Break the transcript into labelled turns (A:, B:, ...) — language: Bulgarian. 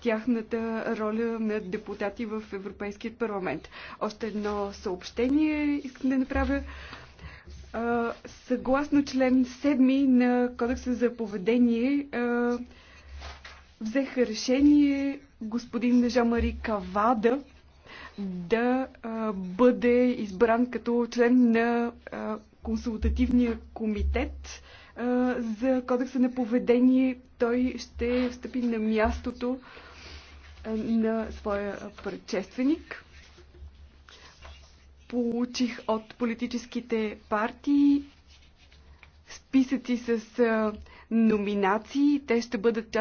A: тяхната роля на депутати в Европейския парламент. Още едно съобщение искам да направя. Съгласно член 7 на Кодекса за поведение, взеха решение господин Жамари Кавада да бъде избран като член на консултативния комитет за кодекса на поведение. Той ще встъпи на мястото на своя предшественик. Получих от политическите партии списъци с номинации. Те ще бъдат